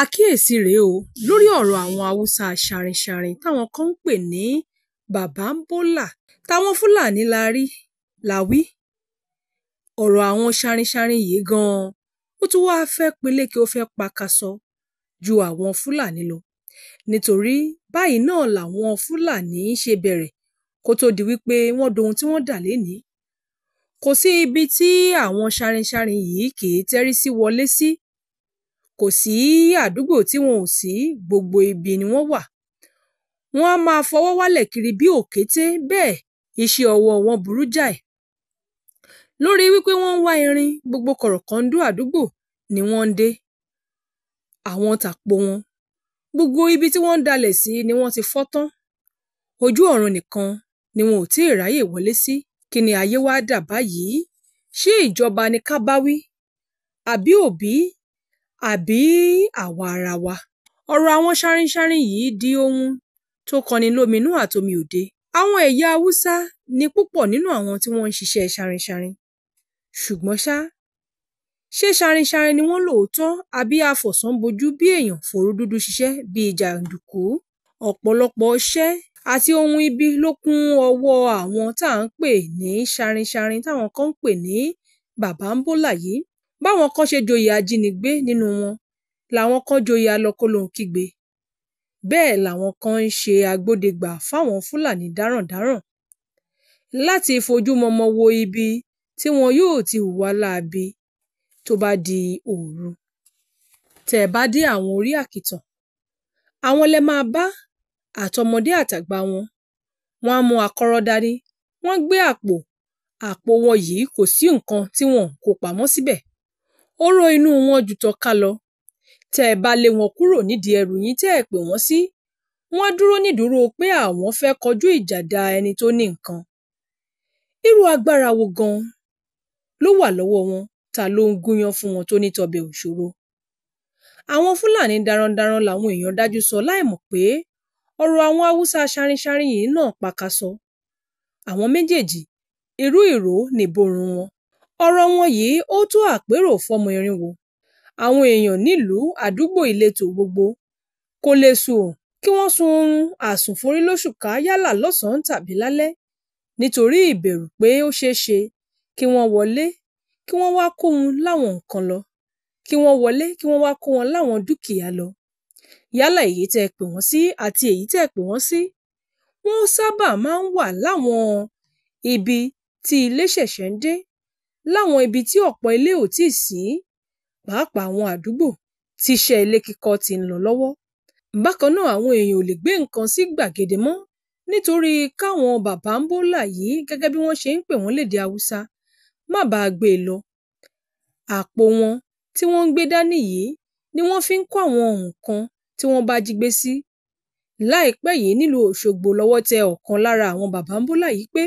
Àkíyèsí rèé o lórí ọ̀rọ̀ àwọn Haúsá ṣarinṣarin táwọn kan ń pè ní Bàbáńbólà, t'àwọn Fúlàní la wí, ọ̀rọ̀ àwọn ṣarinṣarin yìí gan-an ó tún wá fẹ́ peléke ó fẹ́ pakasọ ju àwọn Fúlàní lọ, nítorí báyìí náà làwọn Fúlàní ṣe bẹ̀rẹ̀ kó tó di wípé wọ́n dohun tí wọ́n dà lénìí. Kò sí ibi tí àwọn ṣarinṣarin yìí kìí tẹ́rí sí wọlé sí Kò sí àdúgbò tí wọn ò sí, gbogbo ibi ni wọ́n wà. Wọ́n á máa fọwọ́ wálẹ̀ kiri bí òkété bẹ́ẹ̀ iṣẹ́ ọwọ́ wọn burú jáì. Lórí wípé wọ́n ń wá erin, gbogbo kọ̀rọ̀kọ́ndú àdúgbò ni wọ́n ń dé. Àwọn tàpó wọn, gbogbo ibi tí wọ́n ń dalẹ̀ sí ni wọ́n ti fọ́ tán. Ojú ọ̀run nìkan ni wọn ò tíì ráyè wọlé sí. Kí ni ayé wá dà báyìí? Ṣé ìjọba ni ká bá wí? Àbí òbí àbí àwa ara wa. Ọ̀rọ̀ àwọn ṣarinṣarin yìí di ohun tó kọni lóminú àtomi òde. Àwọn ẹ̀yà Haúsá ni púpọ̀ nínú àwọn tí wọ́n ń ṣiṣẹ́ ṣarinṣarin. Ṣùgbọ́n ṣá, ṣé ṣarinṣarin ni wọ́n lóòótọ́ àbí afọ̀sánbòjú bí èèyàn fòru dúdú ṣiṣẹ́ bíi jàǹdùkú? Ọ̀pọ̀lọpọ̀ ọṣẹ́ àti ohun ibi ló kún ọwọ́ àwọn tá à ń pè ní ṣarinṣarin táwọn kan ń pè ní bàbáńbólà yìí báwọn kan ṣe joyè ajínigbé nínú wọn làwọn kan joyè alọ́kọ̀lóhùn-kígbe bẹ́ẹ̀ làwọn kan ń ṣe agbódegbà fáwọn Fúlàní darandaran láti fojúmọmọ wo ibi tí wọn yóò ti hùwà láabi tó bá di òru. Tẹ́ ẹ bá dé àwọn orí àkìtàn, àwọn lẹ máa bá àtọmọdé àtàgbà wọn, wọ́n á mú akọ́rọ́ dání, wọ́n gbé àpò, àpò wọn yìí kò sí nǹkan tí wọn kò pamọ́ síbẹ̀ ó ró inú wọn jù tọ̀ka lọ tẹ́ ẹ bá lé wọn kúrò nídìí ẹrù yín tẹ́ ẹ pè wọ́n sí wọ́n á dúró nídùúró pé àwọn fẹ́ kọjú ìjà da ẹni tó ní nǹkan irú agbára wo gan-an ló wà lọ́wọ́ wọn ta ló ń gúnyán fún wọn tó ní tọbẹ̀ òṣòro àwọn fúlàní darandaran làwọn èèyàn dájú sọ láìmọ̀ pé ọ̀rọ̀ àwọn haúsá ṣarinṣarin yìí náà pakasọ àwọn méjèèjì irú ìró nìborun wọn ọ̀rọ̀ wọn yìí ó tó àpérò fọ́mọ irinwó àwọn èèyàn nílùú àdúgbò ìletò gbogbo kò lè sùn kí wọ́n sun oorun àsùnforí lóṣùká yálà lọ́sàn-án tàbí lálẹ́ nítorí ìbẹ̀rù pé ó ṣeé ṣe kí wọ́n wọlé kí wọ́n wá kó wọn láwọn nǹkan lọ kí wọ́n wọlé kí wọ́n wá kó wọn láwọn dúkìá lọ yálà èyí tẹ́ ẹ pè wọ́n sí àti èyí tẹ́ ẹ pè wọ́n sí wọ́n sábà máa ń wà láwọn ibi tí ilé ṣẹ̀ṣẹ̀ ń dé láwọn ibi tí ọ̀pọ̀ ilé ò tíì sí, pàápàá àwọn àdúgbò tí iṣẹ́ ilé kíkọ́ ti ń lọ lọ́wọ́. Bákan náà, àwọn èèyàn ò lè gbé nǹkan sí gbàgede mọ́ nítorí káwọn bàbáńbólà yìí gẹ́gẹ́ bí wọ́n ṣe ń pè wọ́n lédè Haúsá má bàa gbé e lọ. Àpò wọn tí wọ́n ń gbé dání yìí ni wọ́n fi ń kó àwọn nǹkan tí wọ́n bá jí gbé sí. Láìpẹ́ yìí nílùú Òṣogbo lọ́wọ́ tẹ ọ̀kan lára àwọn bàbáńbólà yìí pé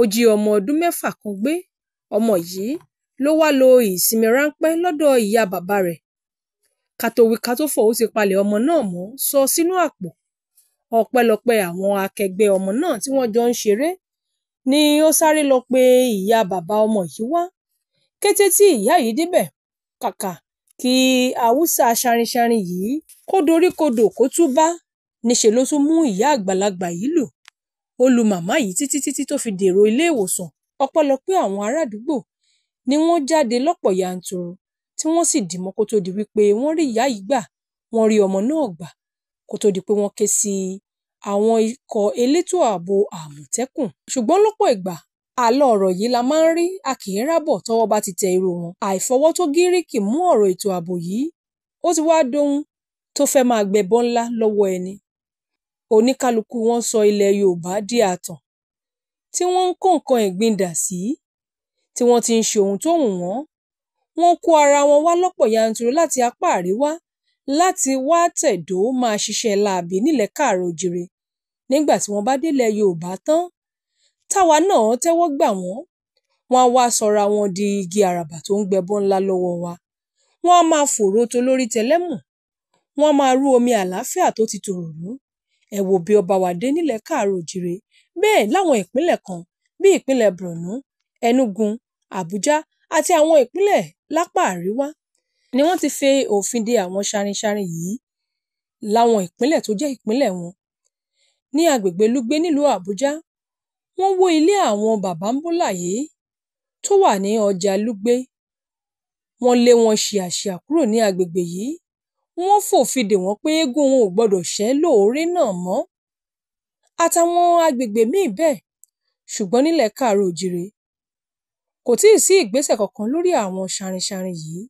ó jí ọmọ ọdún mẹ́fà kan gbé Ọmọ yìí ló wá lo ìsinmi ráńpẹ́ lọ́dọ̀ ìyá bàbá rẹ̀. Ká tó wí ká tó fọ̀, ó ti palẹ̀ ọmọ náà mọ́ sọ sínú àpò. Ọpẹ́lọpẹ́ àwọn akẹgbẹ́ ọmọ náà tí wọ́n jọ ń ṣeré ni ó sáré lọ pe ìyá bàbá ọmọ yìí wá. Kété tí ìyá yìí débẹ̀, kàkà kí Haúsá ṣarinṣarin yìí kó doríkodò kó túbá, níṣe ló tún mú ìyá àgbàlagbà yìí lù. Ó lu màmá yìí títí títí tó fi dèrò ilé Ọpẹ́lọpẹ́ àwọn ará àdúgbò ni wọ́n jáde lọ́pọ̀ yanturu tí wọ́n sì dìmọ́ kó tó di wípé wọ́n rí ìyá yìí gbà, wọ́n rí ọmọ náà gbà kó tó di pé wọ́n ké sí àwọn ikọ̀ elétò ààbò Àmọ̀tẹ́kùn. Ṣùgbọ́n lọ́pọ̀ ìgbà àlọ ọ̀rọ̀ yìí la máa ń rí a kì í rábọ̀ tọ́wọ́ bá ti tẹ irú wọn. Àìfọwọ́tó Gíríìkì mú ọ̀rọ̀ ètò ààbò yìí, ó ti wá dohun tó fẹ́ máa gbẹbọn ńlá lọ́wọ́ ẹni. Oníkálukú wọn sọ ilẹ̀ Yorùbá di ààtàn tí wọ́n ń kó nǹkan ẹ̀gbin dà sí, tí wọ́n ti ń ṣe ohun tó wù wọ́n. Wọ́n kó ara wọn wá lọ́pọ̀ yanturu láti apá àríwá láti wá tẹ̀dó máa ṣiṣẹ́ láabi nílẹ̀ káàárọ̀ o Nígbà tí wọ́n bá délẹ̀ Yorùbá tán, táwa náà tẹ́wọ́ gbà wọ́n, wọ́n á wá sọra wọn di igi àràbà tó ń gbẹbọ ńlá lọ́wọ́ wa. Wọ́n á máa fòòró tolórí tẹlẹ́mù, wọ́n á máa rú omi àlàáfíà tó ti tòrò rú. Ẹ bí ọba wa dé nílẹ̀ káàárọ̀ o bẹ́ẹ̀ láwọn ìpínlẹ̀ kan bí ìpínlẹ̀ Borno, Enugu, Abuja àti àwọn ìpínlẹ̀ lápá àríwá ni wọ́n ti fi òfin de àwọn ṣàrin-ṣàrin yìí láwọn ìpínlẹ̀ tó jẹ́ ìpínlẹ̀ wọn. Ní agbègbè Lugbe nílùú Àbújá, wọ́n wó ilé àwọn bàbáńbólà yìí tó wà ní ọjà Lugbe, wọ́n lé wọn ṣìàṣìà kúrò ní agbègbè yìí, wọ́n fòfin dè wọ́n pé eégún wọn ò gbọdọ̀ ṣẹ́ lóòré náà mọ́ àtàwọn agbègbè míì bẹ́ẹ̀. Ṣùgbọ́n nílẹ̀ Káàárọ̀-o-ò-jíire, kò tíì sí ìgbésẹ̀ kankan lórí àwọn ṣàǹrin-ṣàǹrin yìí,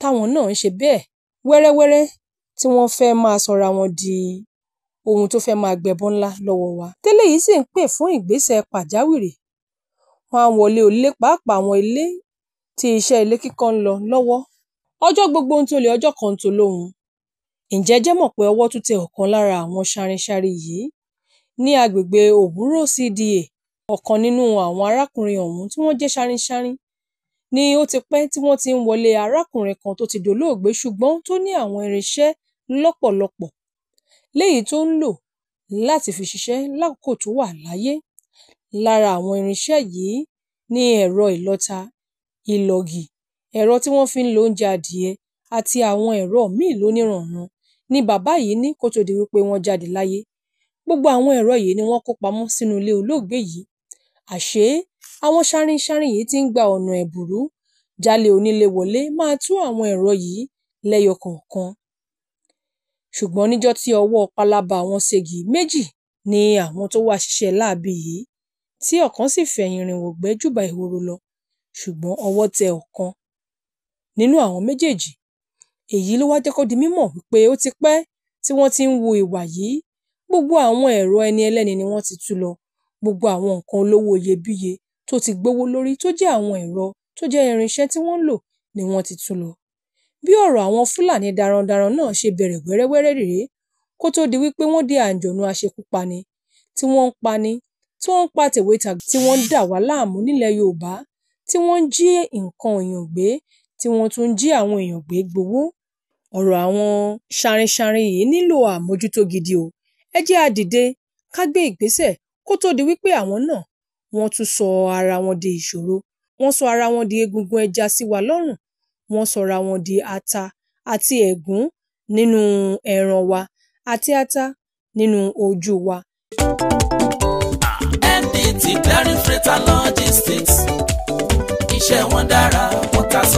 táwọn náà ń ṣe bẹ́ẹ̀ wẹ́rẹ́wẹ́rẹ́ tí wọ́n fẹ́ máa sọra wọn di ohun tó fẹ́ máa gbẹbọn ńlá lọ́wọ́ wa. Téléyìí sì ń pè fún ìgbésẹ̀ pàjáwìrì. Wọ́n á wọlé onílé pàápàá àwọn ilé tí iṣẹ́ ilé kíkọ́ ń lọ lọ́wọ́. Ọjọ́ gbogbo ń tolè ọjọ́ kan ń tolóhun. Ǹjẹ́ jẹ́ mọ̀ pé ọwọ́ tún tẹ ọ̀kan lára àwọn ṣàǹrin yìí Ní agbègbè Òwúrò CDA, ọ̀kan nínú àwọn arákùnrin ọ̀hún tí wọ́n jẹ́ ṣáníṣání, ni ó ti pẹ́ tí wọ́n ti ń wọlé arákùnrin kan tó ti dolóògbé ṣùgbọ́n tó ní àwọn irinṣẹ́ lọ́pọ̀lọpọ̀ léyìí tó ń lò láti fi ṣiṣẹ́ lákòókò tó wà láyé. Lára àwọn irinṣẹ́ yìí ni ẹ̀rọ ìlọta, ìlọ̀gì, ẹ̀rọ tí wọ́n fi ń lo oúnjẹ adìẹ àti àwọn ẹ̀rọ míì lóníranànran ni bàbá yìí ní kó tó di wípé wọ́n jáde láyé. Gbogbo àwọn ẹ̀rọ yìí ni wọ́n kó pamọ́ sínú ilé olóògbé yìí. Àṣé àwọn ṣáníṣání yìí ti ń gba ọ̀nà ẹ̀bùrú. Jalè onílé wọlé máa tú àwọn ẹ̀rọ yìí lẹ́yọ kọ̀ọ̀kan. Ṣùgbọ́n níjọ́ tí ọwọ́ pálábá wọn ségi, méjì ni àwọn tó wá ṣiṣẹ́ láabi yìí, tí ọ̀kan sì fẹ̀yìn rìnwọ̀gbé jùbà ìhòòrò lọ, ṣùgbọ́n ọwọ́ tẹ ọ̀kan nínú àwọn méjèèjì. Èyí ló wá jẹ́ di mímọ̀ wípé ó ti pẹ́ tí wọ́n ti ń hu ìwà yìí Gbogbo àwọn ẹ̀rọ ẹni ẹlẹ́ni ni wọ́n ti tú lọ. Gbogbo àwọn nǹkan olówó iyebíye tó ti gbówó lórí tó jẹ́ àwọn ẹ̀rọ tó jẹ́ irinṣẹ́ tí wọ́n ń lò ni wọ́n ti tú lọ. Bí ọ̀rọ̀ àwọn Fúlàní darandaran náà ṣe bẹ̀rẹ̀ wẹ́rẹ́wẹ́rẹ́ rèé kó tó di wípé wọ́n dé àǹjọ̀nú aṣekúpani, tí wọ́n ń pani, tí wọ́n ń pa tèwe-tàgbà, tí wọ́n ń dà wá láàmú nílẹ̀ Yorùbá, tí wọ́n ń jí nǹkan èèyàn gbé, tí wọ́n tún ń jí àwọn èèyàn gbé gbowó. Ọ̀rọ̀ àwọn ṣarinṣarin yìí nílò àmójútó gidi o ẹ jẹ́ á dìde ká gbé ìgbésẹ̀ kó tó di wípé àwọn náà wọ́n tún sọ ara wọn di ìṣòro wọ́n sọ ara wọn di egungun ẹja sí wa lọ́rùn wọ́n sọra wọn di ata àti ẹ̀gún nínú ẹran wa àti ata nínú ojú wa. ẹni tí clearing freighter logistics iṣẹ́ wọn dára wọ́n kà sọ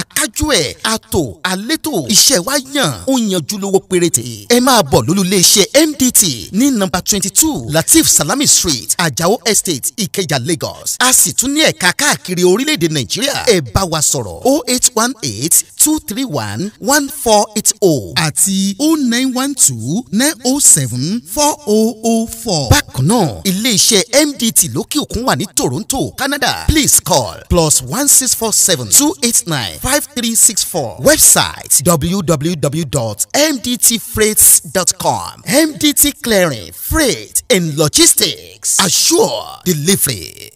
akájú ẹ̀ ato alétò iṣẹ́ wa yàn ó yanjú lówó péréte ẹ máa bọ̀ lólulẹ̀ iṣẹ́ MDT ní nọ́mbà twenty two Latif Salami Street Ajao Estate Ikeja Lagos a sì tún ní ẹ̀ka káàkiri orílẹ̀-èdè Nàìjíríà ẹ bá wa sọ̀rọ̀ o oh eight one eight two three one one four eight o oh àti o oh nine one two nine o seven four o o four. bákan náà ilé-iṣẹ́ MDT lókè òkun wà ní Toronto Canada please call plus one six four seven two eight nine. 5364. Website www.mdtfreights.com. MDT Clearing, Freight and Logistics. Assure delivery.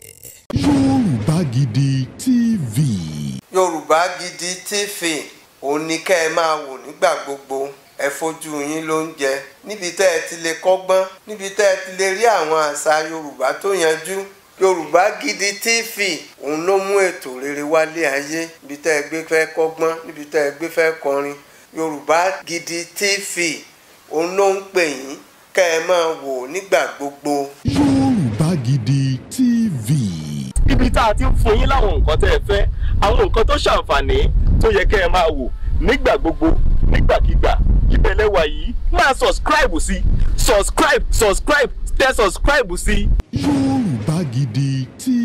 Yorùbá Gidi TV. Yorùbá Gidi TV òun ni kẹ́ ẹ máa wò nígbà gbogbo ẹ fojú yín ló ń jẹ níbi tẹ́ ẹ ti lè kọ́gbọ́n níbi tẹ́ ẹ ti lè rí àwọn àṣà Yorùbá tó yanjú yorùbá gidi tv òun ló mú ètò rere wálé ayé ibi tẹ́ ẹ gbé fẹ́ kọ́gbọ́n níbi tẹ́ ẹ gbé fẹ́ kọrin yorùbá gidi tv òun ló ń pè yín kẹ́ ẹ máa wò nígbà gbogbo. yorùbá gidi tv. ibi tá a ti ń fún yín láwọn nǹkan tẹ́ ẹ fẹ́ àwọn nǹkan tó ṣàǹfààní tó yẹ kẹ́ ẹ máa wò nígbà gbogbo nígbàkigbà ibẹ̀ lẹ́wà yìí máa subscribe sí subscribe subscribe tẹ subscribe sí. Yorùbá Gidi TV.